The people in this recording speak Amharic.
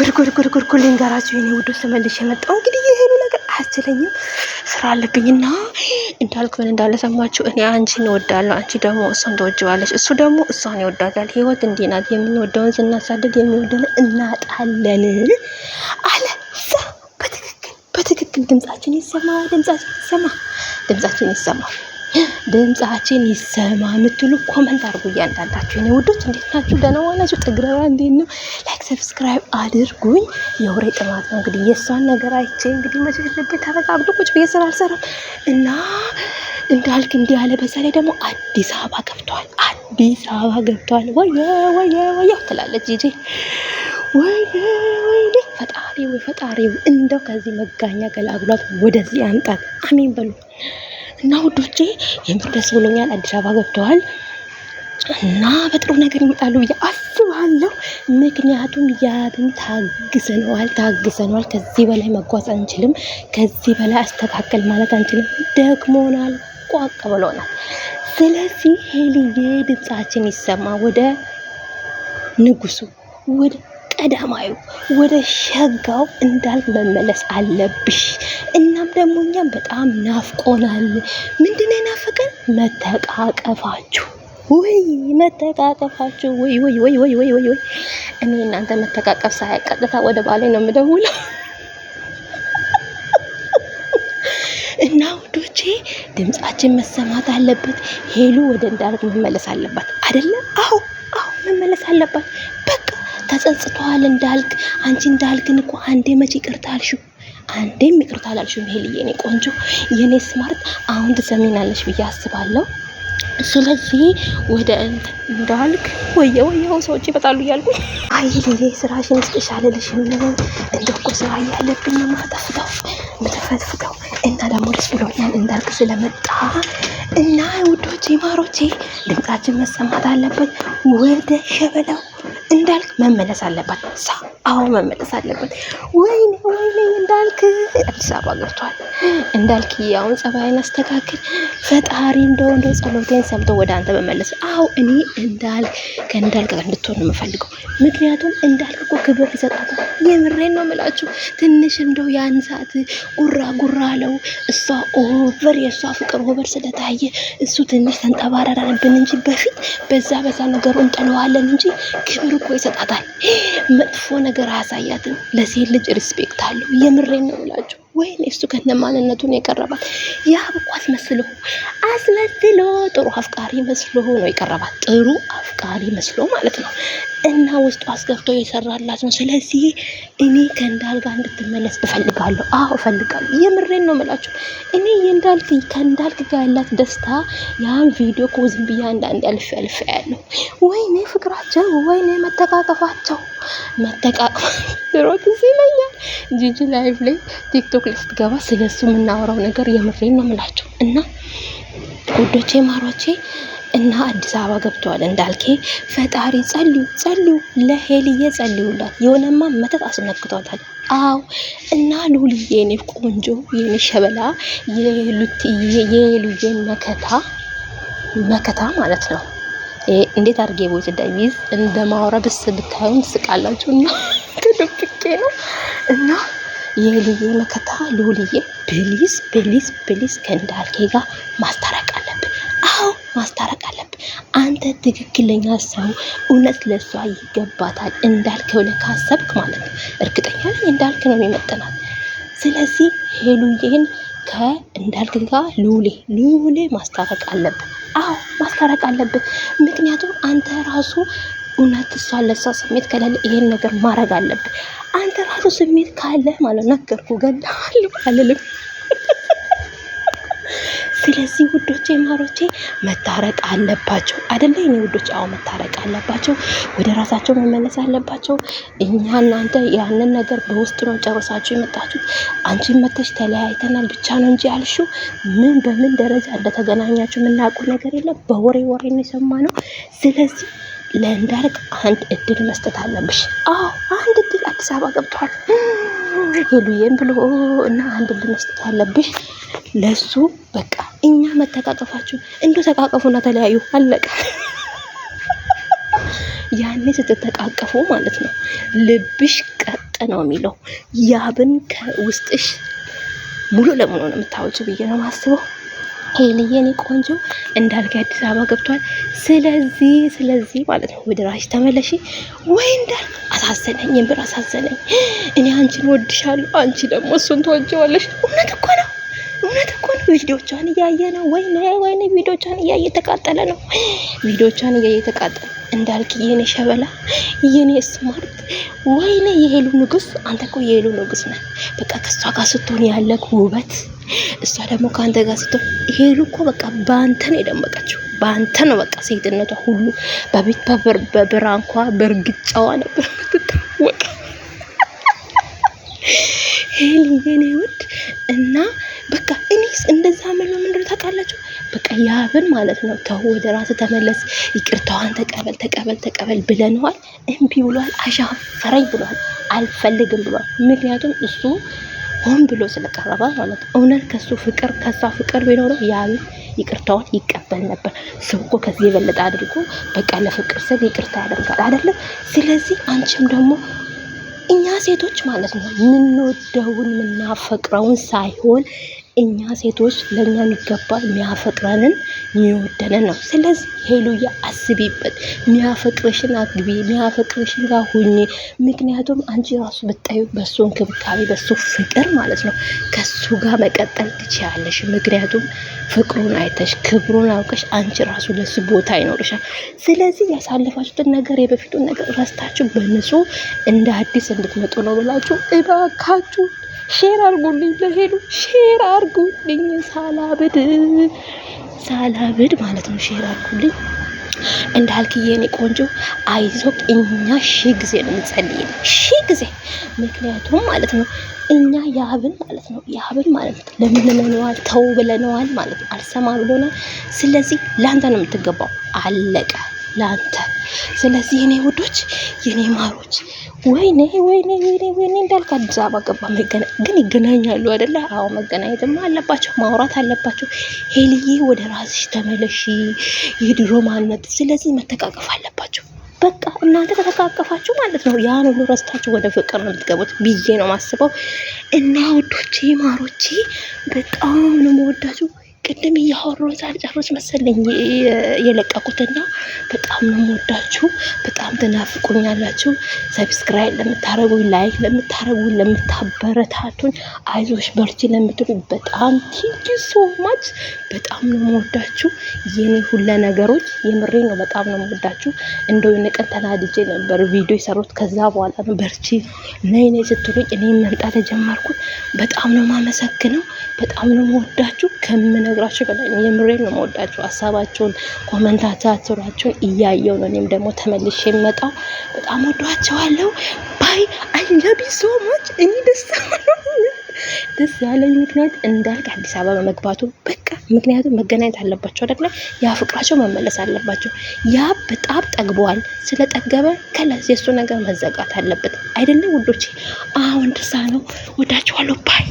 ጉድጉድጉድጉድጉድ ልንገራችሁ የኔ ውዶች ተመልሼ የመጣው እንግዲህ የሄሉ ነገር አያስችለኝም። ስራ አለብኝና እንዳልኩ ምን እንዳለ ሰማችሁ። እኔ አንቺን እወዳለሁ፣ አንቺ ደግሞ እሷን ተወጅባለች፣ እሱ ደግሞ እሷን ይወዳታል። ህይወት እንዲህ ናት። የምንወደውን ስናሳድድ የሚወደን እናጣለን አለ። በትክክል በትክክል ድምጻችን ይሰማ፣ ድምጻችን ይሰማ፣ ድምጻችን ይሰማ ድምጻችን ይሰማ የምትሉ ኮመንት አድርጉ እያንዳንዳችሁ እኔ ውዶች። እንዴት ናችሁ? ደህና ዋላችሁ? ጥግረባ እንዴት ነው? ሰብስክራይብ አድርጉኝ። የወሬ ጥማት ነው እንግዲህ የእሷን ነገር አይቼ እንግዲህ መቼ ልቤ ተረጋግቶ ቁጭ ብዬ ስራ አልሰራም እና እንዳልክ እንዲህ ያለ በዛ ላይ ደግሞ አዲስ አበባ ገብቷል፣ አዲስ አበባ ገብቷል። ወየ ወየ ወየ ትላለች ጂጂ። ወየ ወይ ፈጣሪ ወይ ፈጣሪ፣ እንደው ከዚህ መጋኛ ገላግሏት ወደዚህ አምጣት። አሜን በሉ እና ውዶቼ፣ የምር ደስ ብሎኛል። አዲስ አበባ ገብተዋል። እና በጥሩ ነገር ይመጣሉ ብዬ አስባለሁ። ምክንያቱም ያብን ታግሰነዋል ታግሰነዋል። ከዚህ በላይ መጓዝ አንችልም። ከዚህ በላይ አስተካከል ማለት አንችልም። ደክሞናል፣ ቋቅ ብሎናል። ስለዚህ ሄልዬ ድምፃችን ይሰማ ወደ ንጉሱ ወደ ቀዳማዩ ወደ ሸጋው እንዳልክ መመለስ አለብሽ። እናም ደግሞ እኛም በጣም ናፍቆናል። ምንድን ነው የናፈቀን? መተቃቀፋችሁ ውይ መተቃቀፋችሁ! ወይ ወይ ወይ ወይ ወይ ወይ! እኔ እናንተ መተቃቀፍ ሳያቅ ቀጥታ ወደ ባሌ ነው የምደውለው። እና ውዶቼ ድምጻችን መሰማት አለበት። ሄሉ ወደ እንዳልክ መመለስ አለባት አይደለ? አዎ አዎ፣ መመለስ አለባት። በቃ ተጸጽተዋል እንዳልክ። አንቺ እንዳልክን እኮ አንዴ መቼ ይቅርታ አልሽው፣ አንዴም ይቅርታ አላልሽውም። ሄልዬ፣ የኔ ቆንጆ፣ የኔ ስማርት፣ አሁን ትሰሚናለሽ ብዬ አስባለሁ። ስለዚህ ወደ እንት እንዳልክ ወየ ወየው ሰዎች ይመጣሉ እያልኩኝ አይ ልጄ ስራሽን ስፔሻል ልሽም እንደ እኮ ስራ እያለብኝ የምፈጠፍጠው የምተፈጥፍጠው እና ደግሞ ደስ ብሎኛል እንዳልክ ስለመጣ እና ውዶቼ ማሮቼ ድምጻችን መሰማት አለበት። ወደ ሸበለው እንዳልክ መመለስ አለበት። ሳ አዎ መመለስ አለበት። ወይኔ ወይኔ እንዳልክ አዲስ አበባ ገብቷል። እንዳልክ ያውን ጸባይን አስተካክል። ፈጣሪ እንደው እንደው ጸሎቴን ሰምቶ ወደ አንተ በመለስ። አዎ እኔ እንዳልክ ከእንዳልክ ጋር እንድትሆን የምፈልገው። ምክንያቱም እንዳልክ እኮ ክብር ይሰጣታል። የምሬን ነው የምላችሁ። ትንሽ እንደው ያን ሰዓት ጉራ ጉራ አለው። እሷ ኦቨር የእሷ ፍቅር ኦቨር ስለታየ እሱ ትንሽ ተንጠባረረብን እንጂ በፊት በዛ በዛ ነገሩ እንጠለዋለን እንጂ ክብር እኮ ይሰጣታል። መጥፎ ነገር አያሳያትም። ለሴት ልጅ ሪስፔክት አለው። del Olacho. ወይኔ እሱ ከነማንነቱ ነው የቀረባት። ያብ እኮ አስመስሎ አስመስሎ ጥሩ አፍቃሪ መስሎ ነው የቀረባት። ጥሩ አፍቃሪ መስሎ ማለት ነው። እና ውስጡ አስገብቶ የሰራላት ነው። ስለዚህ እኔ ከእንዳል ጋር እንድትመለስ እፈልጋለሁ። አዎ እፈልጋለሁ። የምሬን ነው የምላችሁ። እኔ የእንዳል ከእንዳልክ ጋር ያላት ደስታ ያን ቪዲዮ እኮ ዝም ብዬ አንዳንድ አልፌ አልፌ ያለው ወይኔ ፍቅራቸው፣ ወይኔ መተቃቀፋቸው፣ መተቃቀፋ ድሮ ጊዜ ይለኛል ጂጂ ላይቭ ላይ ቲክቶክ ክፍል ስትገባ ስለ እሱ የምናወራው ነገር የምሬን ነው የምላቸው እና ውዶቼ ማሯቼ እና አዲስ አበባ ገብተዋል። እንዳልኬ ፈጣሪ ጸልዩ፣ ጸልዩ፣ ለሄልዬ ጸልዩላት። የሆነማ መተት አስነክቷታል። አዎ እና ሉልዬ፣ የኔ ቆንጆ፣ የኔ ሸበላ፣ የሉዬ መከታ መከታ ማለት ነው። እንዴት አድርጌ ቦይት እንደሚይዝ እንደማወራ ብስ ብታዩን ትስቃላችሁ። እና ተደብቄ ነው እና የልዬ መከታ ልውልዬ ፕሊዝ ፕሊዝ ፕሊዝ ከእንዳልኬ ጋር ማስታረቅ አለብን። አዎ ማስታረቅ አለብን። አንተ ትክክለኛ ሰው እውነት ለእሷ ይገባታል እንዳልክ ብለህ ካሰብክ ማለት ነው። እርግጠኛ ነኝ እንዳልክ ነው የሚመጥናት። ስለዚህ ሄሉዬን ከእንዳልክ ጋር ልውሌ ልውሌ ማስታረቅ አለብን። አዎ ማስታረቅ አለብን። ምክንያቱም አንተ ራሱ እውነት እሷ ለሳ ስሜት ከሌለ ይሄን ነገር ማድረግ አለብን። አንተ ራሱ ስሜት ካለ ማለት ነገርኩ ገላለሁ አልልም። ስለዚህ ውዶቼ ማሮቼ መታረቅ አለባቸው አደለ? እኔ ውዶች፣ አዎ መታረቅ አለባቸው። ወደ ራሳቸው መመለስ አለባቸው። እኛ እናንተ ያንን ነገር በውስጥ ነው ጨርሳችሁ የመጣችሁት። አንቺ መተሽ ተለያይተናል ብቻ ነው እንጂ ያልሽው ምን በምን ደረጃ እንደተገናኛችሁ የምናውቁ ነገር የለም። በወሬ ወሬ ነው የሰማነው። ስለዚህ ለእንዳርግ አንድ እድል መስጠት አለብሽ። አዎ አንድ እድል አዲስ አበባ ገብቷል ሄሉዬም ብሎ እና አንድ እድል መስጠት አለብሽ ለሱ። በቃ እኛ መተቃቀፋችሁ እንዱ ተቃቀፉና ተለያዩ አለቀ። ያኔ ስትተቃቀፉ ማለት ነው ልብሽ ቀጥ ነው የሚለው ያብን ከውስጥሽ ሙሉ ለሙሉ ነው የምታወጭ ብዬ ነው የማስበው። ሄልዬ ቆንጆ እንዳልክ አዲስ አበባ ገብቷል። ስለዚህ ስለዚህ ማለት ነው ወደ ራስሽ ተመለሺ። ወይ እንዳልክ አሳዘነኝ፣ የምር አሳዘነኝ። እኔ አንቺን ወድሻለሁ፣ አንቺ ደግሞ እሱን ትወጂዋለሽ። እውነት እኮ ነው እውነት እኮ ነው። ቪዲዮቿን እያየ ነው ወይ ነው ወይ ነው። ቪዲዮቿን እያየ የተቃጠለ ነው። ቪዲዮቿን እያየ የተቃጠለ እንዳልክ የኔ ሸበላ የኔ ስማርት ወይኔ የሄሉ ንጉስ፣ አንተ እኮ የሄሉ ንጉስ ነህ። በቃ ከሷ ጋር ስትሆን ያለክ ውበት እሷ ደግሞ ከአንተ ጋር ስትሆን ሄሉ እኮ በቃ በአንተ ነው የደመቀችው። በአንተ ነው በቃ ሴትነቷ ሁሉ በቤት በብራንኳ በእርግጫዋ ነበር ምትታወቀ ሄሊ የኔ ውድ እና በቃ እኔስ እንደዛ ምን ምን ምንድነው ታውቃላችሁ? በቃ ያብን ማለት ነው ተው ወደ ራስ ተመለስ፣ ይቅርታዋን ተቀበል ተቀበል ተቀበል ብለንዋል። እምቢ ብሏል፣ አሻፈረኝ ብሏል፣ አልፈልግም ብሏል። ምክንያቱም እሱ ሆን ብሎ ስለቀረበ ማለት ነው። እውነት ከሱ ፍቅር ከሳ ፍቅር ቢኖረው ያብ ይቅርታውን ይቀበል ነበር። ሰው እኮ ከዚህ የበለጠ አድርጎ በቃ ለፍቅር ስል ይቅርታ ያደርጋል አይደለም። ስለዚህ አንቺም ደግሞ እኛ ሴቶች ማለት ነው የምንወደውን የምናፈቅረውን ሳይሆን እኛ ሴቶች ለእኛ የሚገባ የሚያፈቅረንን የሚወደንን ነው። ስለዚህ ሄሉዬ አስቢበት፣ የሚያፈቅርሽን አግቢ፣ የሚያፈቅርሽን ጋር ሁኚ። ምክንያቱም አንቺ ራሱ ብታዩ በሱ እንክብካቤ፣ በሱ ፍቅር ማለት ነው ከሱ ጋር መቀጠል ትችያለሽ። ምክንያቱም ፍቅሩን አይተሽ ክብሩን አውቀሽ አንቺ ራሱ ለሱ ቦታ ይኖርሻል። ስለዚህ ያሳለፋችሁትን ነገር የበፊቱን ነገር ረስታችሁ በንጹህ እንደ አዲስ እንድትመጡ ነው ብላችሁ እባካችሁ ሼር አርጉልኝ፣ ለሄዱ ሼር አርጉልኝ። ሳላብድ ሳላብድ ማለት ነው። ሼር አርጉልኝ። እንዳልክዬ የኔ ቆንጆ አይዞክ። እኛ ሺ ጊዜ ነው የምንጸልይልህ፣ ሺ ጊዜ ምክንያቱም ማለት ነው እኛ ያብን ማለት ነው ያብን ማለት ነው ለምንለነዋል፣ ተው ብለነዋል ማለት ነው አልሰማ ብሎናል። ስለዚህ ለአንተ ነው የምትገባው። አለቀ። ለአንተ። ስለዚህ የኔ ውዶች፣ የኔ ማሮች፣ ወይኔ ወይኔ ወይኔ ወይኔ እንዳልክ አዲስ አበባ ገባ። ግን ይገናኛሉ አይደለ? አዎ መገናኘትማ አለባቸው፣ ማውራት አለባቸው። ሄልዬ ወደ ራስሽ ተመለሺ፣ የድሮ ማንነት። ስለዚህ መተቃቀፍ አለባቸው። በቃ እናንተ ከተቃቀፋችሁ ማለት ነው ያን ሁሉ ረስታችሁ ወደ ፍቅር ነው የምትገቡት ብዬ ነው ማስበው። እና ውዶቼ ማሮቼ በጣም ነው መወዳችሁ። ቅድም እያወራሁ ሳልጨርስ መሰለኝ የለቀቁትና በጣም ነው የምወዳችሁ። በጣም ትናፍቁኛላችሁ። ሰብስክራይብ ለምታረጉኝ፣ ላይክ ለምታረጉኝ፣ ለምታበረታቱኝ፣ አይዞሽ በርቺ ለምትሉ በጣም ቲንኪ ሶ ማች። በጣም ነው የምወዳችሁ የኔ ሁለ ነገሮች። የምሬ ነው። በጣም ነው የምወዳችሁ። እንደው የነቀን ተናድጄ ነበር ቪዲዮ የሰሩት። ከዛ በኋላ ነው በርቺ ነይ ነይ ስትሉኝ እኔ መምጣት የጀመርኩት። በጣም ነው ማመሰግነው። በጣም ነው የምወዳችሁ ከምነገ ከነግራችሁ በላይ ነው። የምሬን ነው የምወዳችሁ። ሀሳባችሁን ኮመንታታችሁን እያየው ነው። እኔም ደግሞ ተመልሼ የምመጣው በጣም ወዷቸዋለሁ። ባይ አይ ላቭ ሶ ማች። እኔ ደስ ደስ ያለኝ ምክንያት እንዳልክ አዲስ አበባ በመግባቱ በቃ ምክንያቱም መገናኘት አለባቸው አይደለ? ያ ፍቅራቸው መመለስ አለባቸው። ያ በጣም ጠግበዋል። ስለጠገበ ከለስ የእሱ ነገር መዘጋት አለበት አይደለም ውዶቼ አሁን ደሳ ነው። ወዳችኋለሁ ባይ